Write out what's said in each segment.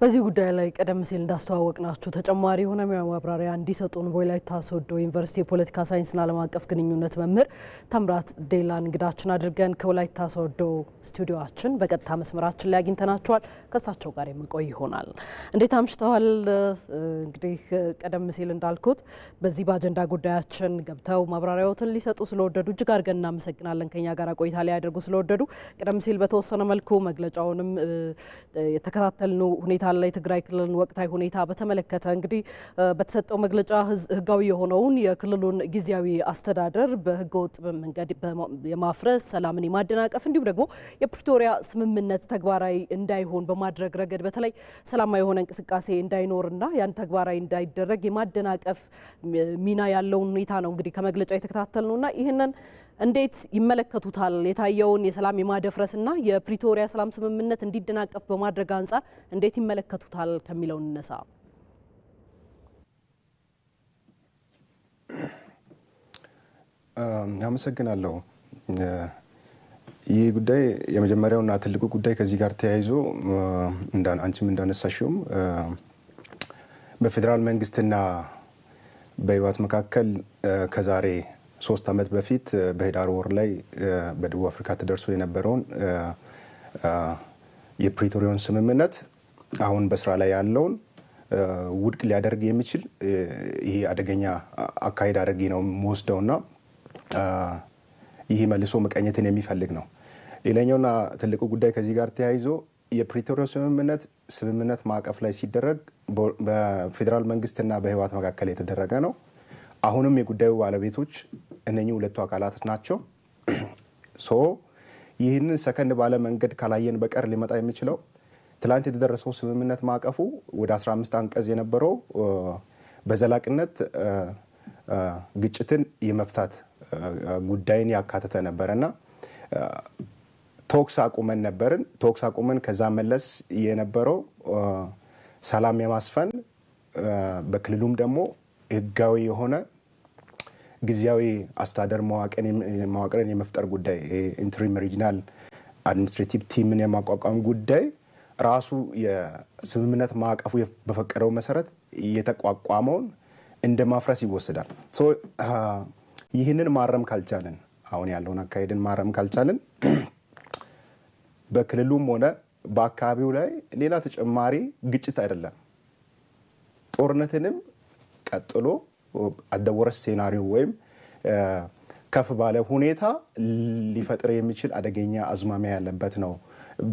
በዚህ ጉዳይ ላይ ቀደም ሲል እንዳስተዋወቅናችሁ ተጨማሪ የሆነ ሙያ ማብራሪያ እንዲሰጡን በወላይታ ሶዶ ዩኒቨርሲቲ የፖለቲካ ሳይንስና ዓለም አቀፍ ግንኙነት መምህር ተምራት ዴላን እንግዳችን አድርገን ከወላይታ ሶዶ ስቱዲዮችን በቀጥታ መስመራችን ላይ አግኝተናቸዋል። ከእሳቸው ጋር የምንቆይ ይሆናል። እንዴት አምሽተዋል? እንግዲህ ቀደም ሲል እንዳልኩት በዚህ በአጀንዳ ጉዳያችን ገብተው ማብራሪያዎትን ሊሰጡ ስለወደዱ እጅግ አድርገን እናመሰግናለን። ከኛ ጋር ቆይታ ሊያደርጉ ስለወደዱ ቀደም ሲል በተወሰነ መልኩ መግለጫውንም የተከታተልን ሁኔታ ላይ ትግራይ ክልልን ወቅታዊ ሁኔታ በተመለከተ እንግዲህ በተሰጠው መግለጫ ህጋዊ የሆነውን የክልሉን ጊዜያዊ አስተዳደር በህገወጥ መንገድ የማፍረስ ሰላምን የማደናቀፍ እንዲሁም ደግሞ የፕሪቶሪያ ስምምነት ተግባራዊ እንዳይሆን በማ በማድረግ ረገድ በተለይ ሰላማዊ የሆነ እንቅስቃሴ እንዳይኖርና ያን ተግባራዊ እንዳይደረግ የማደናቀፍ ሚና ያለውን ሁኔታ ነው እንግዲህ ከመግለጫ የተከታተል ነውና ይህንን እንዴት ይመለከቱታል? የታየውን የሰላም የማደፍረስና የፕሪቶሪያ ሰላም ስምምነት እንዲደናቀፍ በማድረግ አንጻር እንዴት ይመለከቱታል ከሚለው እንነሳ። አመሰግናለሁ። ይህ ጉዳይ የመጀመሪያውና ትልቁ ጉዳይ ከዚህ ጋር ተያይዞ አንቺም እንዳነሳሽውም በፌዴራል መንግስትና በህወሓት መካከል ከዛሬ ሶስት ዓመት በፊት በህዳር ወር ላይ በደቡብ አፍሪካ ተደርሶ የነበረውን የፕሪቶሪዮን ስምምነት አሁን በስራ ላይ ያለውን ውድቅ ሊያደርግ የሚችል ይህ አደገኛ አካሄድ አድርጌ ነው የምወስደውና ይህ መልሶ መቀኘትን የሚፈልግ ነው። ሌላኛውና ትልቁ ጉዳይ ከዚህ ጋር ተያይዞ የፕሪቶሪያው ስምምነት ስምምነት ማዕቀፍ ላይ ሲደረግ በፌዴራል መንግስትና በህወሓት መካከል የተደረገ ነው። አሁንም የጉዳዩ ባለቤቶች እነኚህ ሁለቱ አካላት ናቸው። ሶ ይህንን ሰከንድ ባለ መንገድ ካላየን በቀር ሊመጣ የሚችለው ትላንት የተደረሰው ስምምነት ማዕቀፉ ወደ 15 አንቀጽ የነበረው በዘላቂነት ግጭትን የመፍታት ጉዳይን ያካተተ ነበረ ቶክስ አቁመን ነበርን። ቶክስ አቁመን ከዛ መለስ የነበረው ሰላም የማስፈን በክልሉም ደግሞ ህጋዊ የሆነ ጊዜያዊ አስተዳደር መዋቅርን የመፍጠር ጉዳይ ኢንትሪም ሪጅናል አድሚኒስትሬቲቭ ቲምን የማቋቋም ጉዳይ ራሱ የስምምነት ማዕቀፉ በፈቀደው መሰረት የተቋቋመውን እንደ ማፍረስ ይወሰዳል። ይህንን ማረም ካልቻልን አሁን ያለውን አካሄድን ማረም ካልቻልን በክልሉም ሆነ በአካባቢው ላይ ሌላ ተጨማሪ ግጭት አይደለም። ጦርነትንም ቀጥሎ አደወረ ሴናሪዮ ወይም ከፍ ባለ ሁኔታ ሊፈጥር የሚችል አደገኛ አዝማሚያ ያለበት ነው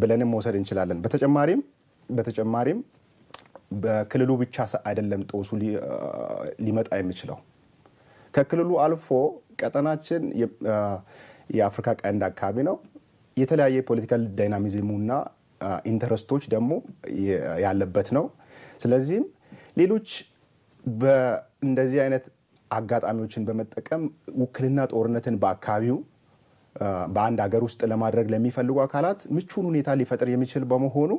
ብለንም መውሰድ እንችላለን። በተጨማሪም በተጨማሪም በክልሉ ብቻ አይደለም ጦሱ ሊመጣ የሚችለው ከክልሉ አልፎ ቀጠናችን የአፍሪካ ቀንድ አካባቢ ነው። የተለያየ የፖለቲካል ዳይናሚዝሙና ኢንተረስቶች ደግሞ ያለበት ነው። ስለዚህም ሌሎች እንደዚህ አይነት አጋጣሚዎችን በመጠቀም ውክልና ጦርነትን በአካባቢው በአንድ ሀገር ውስጥ ለማድረግ ለሚፈልጉ አካላት ምቹን ሁኔታ ሊፈጥር የሚችል በመሆኑ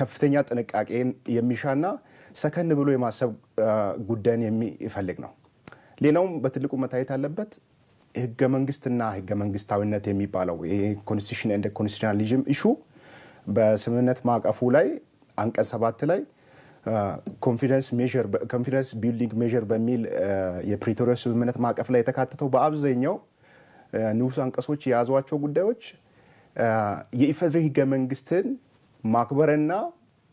ከፍተኛ ጥንቃቄን የሚሻና ሰከን ብሎ የማሰብ ጉዳይን የሚፈልግ ነው። ሌላውም በትልቁ መታየት አለበት። ህገ መንግስትና ህገ መንግስታዊነት የሚባለው ኮንስቲቱሽን ኤንድ ኮንስቲቱሽናሊዝም ኢሹ በስምምነት ማዕቀፉ ላይ አንቀጽ ሰባት ላይ ኮንፊደንስ ቢልዲንግ ሜር በሚል uh, የፕሪቶሪያ ስምምነት ማዕቀፍ ላይ የተካተተው በአብዛኛው uh, ንዑስ አንቀሶች የያዟቸው ጉዳዮች uh, የኢፌዴሪ ህገ መንግስትን ማክበርና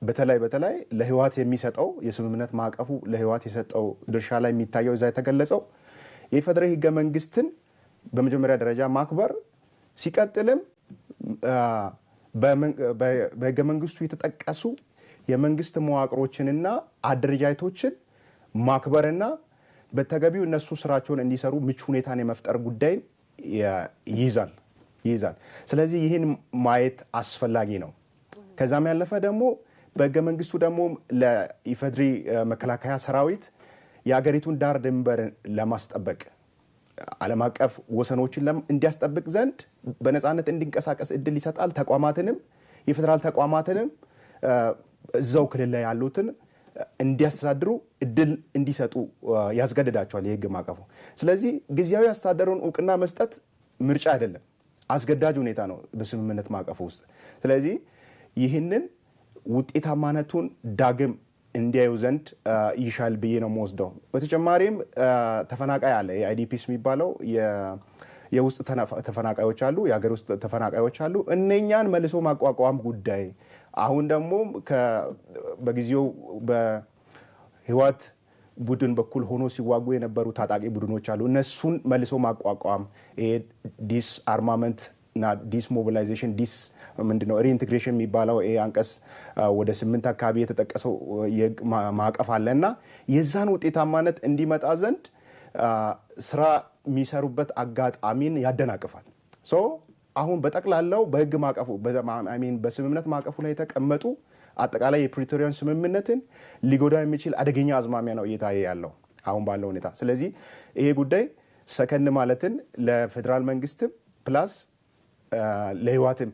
በተለይ በተለይ ለህወሓት የሚሰጠው የስምምነት ማዕቀፉ ለህወሓት የሰጠው ድርሻ ላይ የሚታየው እዛ የተገለጸው የኢፌዴሪ ህገ መንግስትን በመጀመሪያ ደረጃ ማክበር፣ ሲቀጥልም በህገ መንግስቱ የተጠቀሱ የመንግስት መዋቅሮችንና አደረጃጀቶችን ማክበርና በተገቢው እነሱ ስራቸውን እንዲሰሩ ምቹ ሁኔታን የመፍጠር ጉዳይን ይይዛል ይይዛል። ስለዚህ ይህን ማየት አስፈላጊ ነው። ከዛም ያለፈ ደግሞ በህገ መንግስቱ ደግሞ ለኢፌድሪ መከላከያ ሰራዊት የአገሪቱን ዳር ድንበር ለማስጠበቅ ዓለም አቀፍ ወሰኖችን እንዲያስጠብቅ ዘንድ በነፃነት እንዲንቀሳቀስ እድል ይሰጣል። ተቋማትንም የፌዴራል ተቋማትንም እዛው ክልል ላይ ያሉትን እንዲያስተዳድሩ እድል እንዲሰጡ ያስገድዳቸዋል የህግ ማዕቀፉ። ስለዚህ ጊዜያዊ አስተዳደሩን እውቅና መስጠት ምርጫ አይደለም፣ አስገዳጅ ሁኔታ ነው በስምምነት ማዕቀፉ ውስጥ። ስለዚህ ይህንን ውጤታማነቱን ዳግም እንዲያዩ ዘንድ ይሻል ብዬ ነው የምወስደው። በተጨማሪም ተፈናቃይ አለ የአይዲፒስ የሚባለው የውስጥ ተፈናቃዮች አሉ፣ የሀገር ውስጥ ተፈናቃዮች አሉ። እነኛን መልሶ ማቋቋም ጉዳይ አሁን ደግሞ በጊዜው በህወሓት ቡድን በኩል ሆኖ ሲዋጉ የነበሩ ታጣቂ ቡድኖች አሉ። እነሱን መልሶ ማቋቋም ዲስ አርማመንት እና ዲስ ሞቢላይዜሽን ዲስ ምንድነው ሪኢንትግሬሽን የሚባለው ይሄ አንቀስ ወደ ስምንት አካባቢ የተጠቀሰው ማዕቀፍ አለ እና የዛን ውጤታማነት እንዲመጣ ዘንድ ስራ የሚሰሩበት አጋጣሚን ያደናቅፋል። ሶ አሁን በጠቅላላው በህግ ማዕቀፉ በስምምነት ማዕቀፉ ላይ የተቀመጡ አጠቃላይ የፕሪቶሪያን ስምምነትን ሊጎዳ የሚችል አደገኛ አዝማሚያ ነው እየታየ ያለው አሁን ባለው ሁኔታ። ስለዚህ ይሄ ጉዳይ ሰከን ማለትን ለፌዴራል መንግስትም ፕላስ ለህይወትም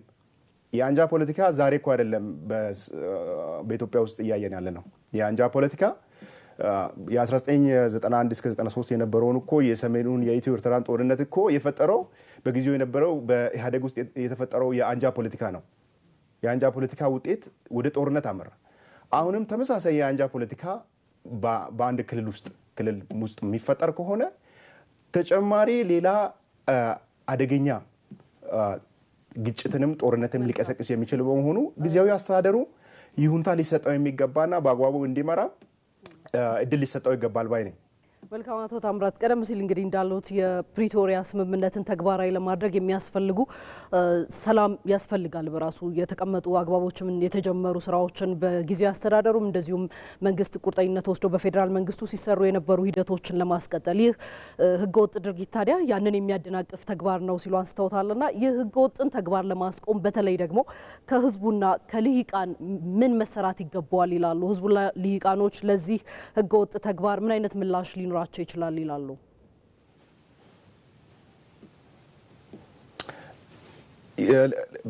የአንጃ ፖለቲካ ዛሬ እኮ አይደለም በኢትዮጵያ ውስጥ እያየን ያለ ነው። የአንጃ ፖለቲካ የ1991 እስከ 93 የነበረውን እኮ የሰሜኑን የኢትዮ ኤርትራን ጦርነት እኮ የፈጠረው በጊዜው የነበረው በኢህአዴግ ውስጥ የተፈጠረው የአንጃ ፖለቲካ ነው። የአንጃ ፖለቲካ ውጤት ወደ ጦርነት አመራ። አሁንም ተመሳሳይ የአንጃ ፖለቲካ በአንድ ክልል ውስጥ ክልል ውስጥ የሚፈጠር ከሆነ ተጨማሪ ሌላ አደገኛ ግጭትንም ጦርነትም ሊቀሰቅስ የሚችል በመሆኑ ጊዜያዊ አስተዳደሩ ይሁንታ ሊሰጠው የሚገባና በአግባቡ እንዲመራ እድል ሊሰጠው ይገባል ባይ ነኝ። መልካም አቶ ታምራት፣ ቀደም ሲል እንግዲህ እንዳሉት የፕሪቶሪያ ስምምነትን ተግባራዊ ለማድረግ የሚያስፈልጉ ሰላም ያስፈልጋል። በራሱ የተቀመጡ አግባቦችም የተጀመሩ ስራዎችን በጊዜ አስተዳደሩም እንደዚሁም መንግስት ቁርጠኝነት ወስዶ በፌዴራል መንግስቱ ሲሰሩ የነበሩ ሂደቶችን ለማስቀጠል ይህ ህገወጥ ድርጊት ታዲያ ያንን የሚያደናቅፍ ተግባር ነው ሲሉ አንስተውታልና ይህ ህገወጥን ተግባር ለማስቆም በተለይ ደግሞ ከህዝቡና ከልሂቃን ምን መሰራት ይገባዋል ይላሉ? ህዝቡና ልሂቃኖች ለዚህ ህገወጥ ተግባር ምን አይነት ምላሽ ሊኖራል ሊኖራቸው ይችላል ይላሉ?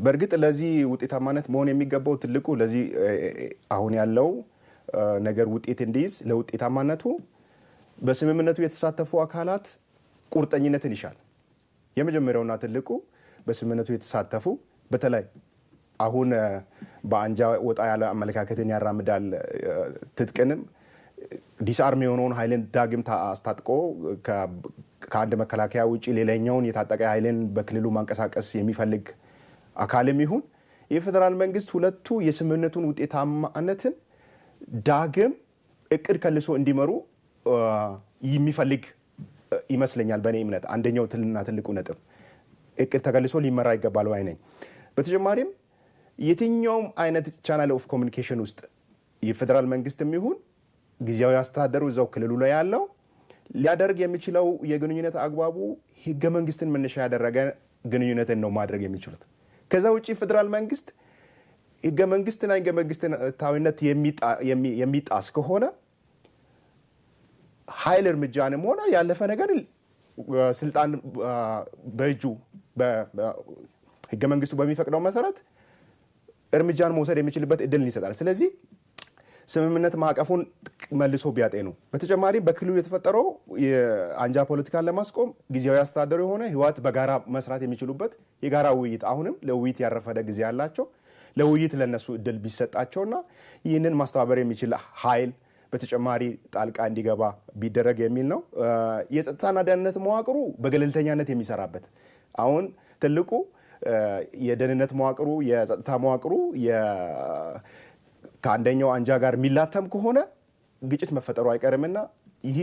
በእርግጥ ለዚህ ውጤታማነት መሆን የሚገባው ትልቁ ለዚህ አሁን ያለው ነገር ውጤት እንዲይዝ ለውጤታማነቱ በስምምነቱ የተሳተፉ አካላት ቁርጠኝነትን ይሻል። የመጀመሪያውና ትልቁ በስምምነቱ የተሳተፉ በተለይ አሁን በአንጃ ወጣ ያለ አመለካከትን ያራምዳል ትጥቅንም ዲስአርም የሆነውን ኃይልን ዳግም አስታጥቆ ከአንድ መከላከያ ውጭ ሌላኛውን የታጠቀ ሀይልን በክልሉ ማንቀሳቀስ የሚፈልግ አካልም ይሁን የፌዴራል መንግስት ሁለቱ የስምምነቱን ውጤታማነትን ዳግም እቅድ ከልሶ እንዲመሩ የሚፈልግ ይመስለኛል። በእኔ እምነት አንደኛው ትልና ትልቁ ነጥብ እቅድ ተከልሶ ሊመራ ይገባል ባይ ነኝ። በተጨማሪም የትኛውም አይነት ቻናል ኦፍ ኮሚኒኬሽን ውስጥ የፌዴራል መንግስትም ይሁን ጊዜያዊ አስተዳደሩ እዛው ክልሉ ላይ ያለው ሊያደርግ የሚችለው የግንኙነት አግባቡ ህገ መንግስትን መነሻ ያደረገ ግንኙነትን ነው ማድረግ የሚችሉት። ከዛ ውጭ ፌዴራል መንግስት ህገ መንግስትና ህገ መንግስታዊነት የሚጣስ ከሆነ ኃይል እርምጃንም ሆነ ያለፈ ነገር ስልጣን በእጁ ህገ መንግስቱ በሚፈቅደው መሰረት እርምጃን መውሰድ የሚችልበት እድልን ይሰጣል። ስለዚህ ስምምነት ማዕቀፉን መልሶ ቢያጤኑ፣ በተጨማሪም በክልሉ የተፈጠረው የአንጃ ፖለቲካን ለማስቆም ጊዜያዊ አስተዳደሩ የሆነ ህወሓት በጋራ መስራት የሚችሉበት የጋራ ውይይት አሁንም ለውይይት ያረፈደ ጊዜ ያላቸው ለውይይት ለነሱ እድል ቢሰጣቸውና ይህንን ማስተባበር የሚችል ኃይል በተጨማሪ ጣልቃ እንዲገባ ቢደረግ የሚል ነው። የጸጥታና ደህንነት መዋቅሩ በገለልተኛነት የሚሰራበት አሁን ትልቁ የደህንነት መዋቅሩ የጸጥታ መዋቅሩ ከአንደኛው አንጃ ጋር የሚላተም ከሆነ ግጭት መፈጠሩ አይቀርምና ይህ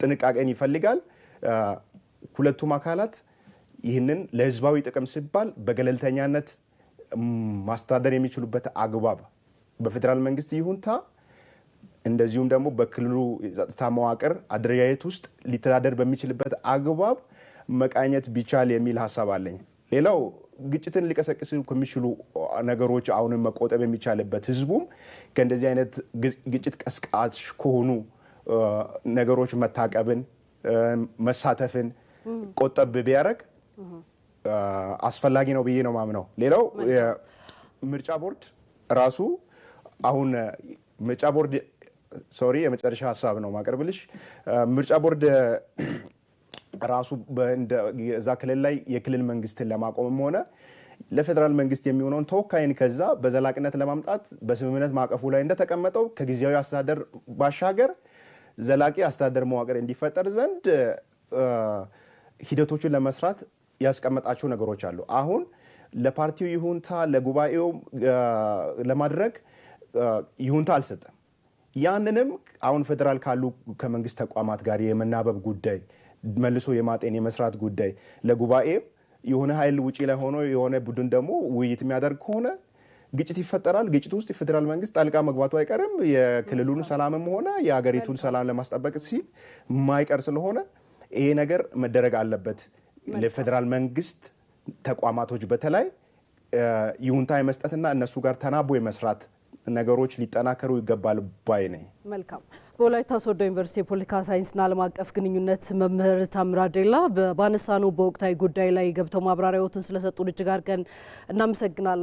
ጥንቃቄን ይፈልጋል። ሁለቱም አካላት ይህንን ለህዝባዊ ጥቅም ሲባል በገለልተኛነት ማስተዳደር የሚችሉበት አግባብ በፌዴራል መንግስት ይሁንታ እንደዚሁም ደግሞ በክልሉ የጸጥታ መዋቅር አደረጃጀት ውስጥ ሊተዳደር በሚችልበት አግባብ መቃኘት ቢቻል የሚል ሀሳብ አለኝ። ሌላው ግጭትን ሊቀሰቅስ ከሚችሉ ነገሮች አሁንም መቆጠብ የሚቻልበት ህዝቡም ከእንደዚህ አይነት ግጭት ቀስቃሽ ከሆኑ ነገሮች መታቀብን፣ መሳተፍን ቆጠብ ቢያደረግ አስፈላጊ ነው ብዬ ነው ማምነው። ሌላው ምርጫ ቦርድ ራሱ አሁን ምርጫ ቦርድ ሶሪ፣ የመጨረሻ ሀሳብ ነው ማቀርብልሽ ምርጫ ቦርድ ራሱ እዛ ክልል ላይ የክልል መንግስትን ለማቆምም ሆነ ለፌዴራል መንግስት የሚሆነውን ተወካይን ከዛ በዘላቂነት ለማምጣት በስምምነት ማዕቀፉ ላይ እንደተቀመጠው ከጊዜያዊ አስተዳደር ባሻገር ዘላቂ አስተዳደር መዋቅር እንዲፈጠር ዘንድ ሂደቶቹን ለመስራት ያስቀመጣቸው ነገሮች አሉ። አሁን ለፓርቲው ይሁንታ ለጉባኤው ለማድረግ ይሁንታ አልሰጠም። ያንንም አሁን ፌዴራል ካሉ ከመንግስት ተቋማት ጋር የመናበብ ጉዳይ መልሶ የማጤን የመስራት ጉዳይ ለጉባኤም የሆነ ኃይል ውጪ ላይ ሆኖ የሆነ ቡድን ደግሞ ውይይት የሚያደርግ ከሆነ ግጭት ይፈጠራል። ግጭት ውስጥ የፌዴራል መንግስት ጣልቃ መግባቱ አይቀርም። የክልሉን ሰላምም ሆነ የሀገሪቱን ሰላም ለማስጠበቅ ሲል የማይቀር ስለሆነ ይሄ ነገር መደረግ አለበት። ለፌዴራል መንግስት ተቋማቶች በተለይ ይሁንታ የመስጠትና እነሱ ጋር ተናቦ የመስራት ነገሮች ሊጠናከሩ ይገባል ባይ ነኝ። መልካም። በወላይታ ሶዶ ዩኒቨርሲቲ የፖለቲካ ሳይንስና ዓለም አቀፍ ግንኙነት መምህር ታምራ ዴላ በባነሳኑ በወቅታዊ ጉዳይ ላይ ገብተው ማብራሪያዎትን ስለሰጡን እጅግ አድርገን እናመሰግናለን።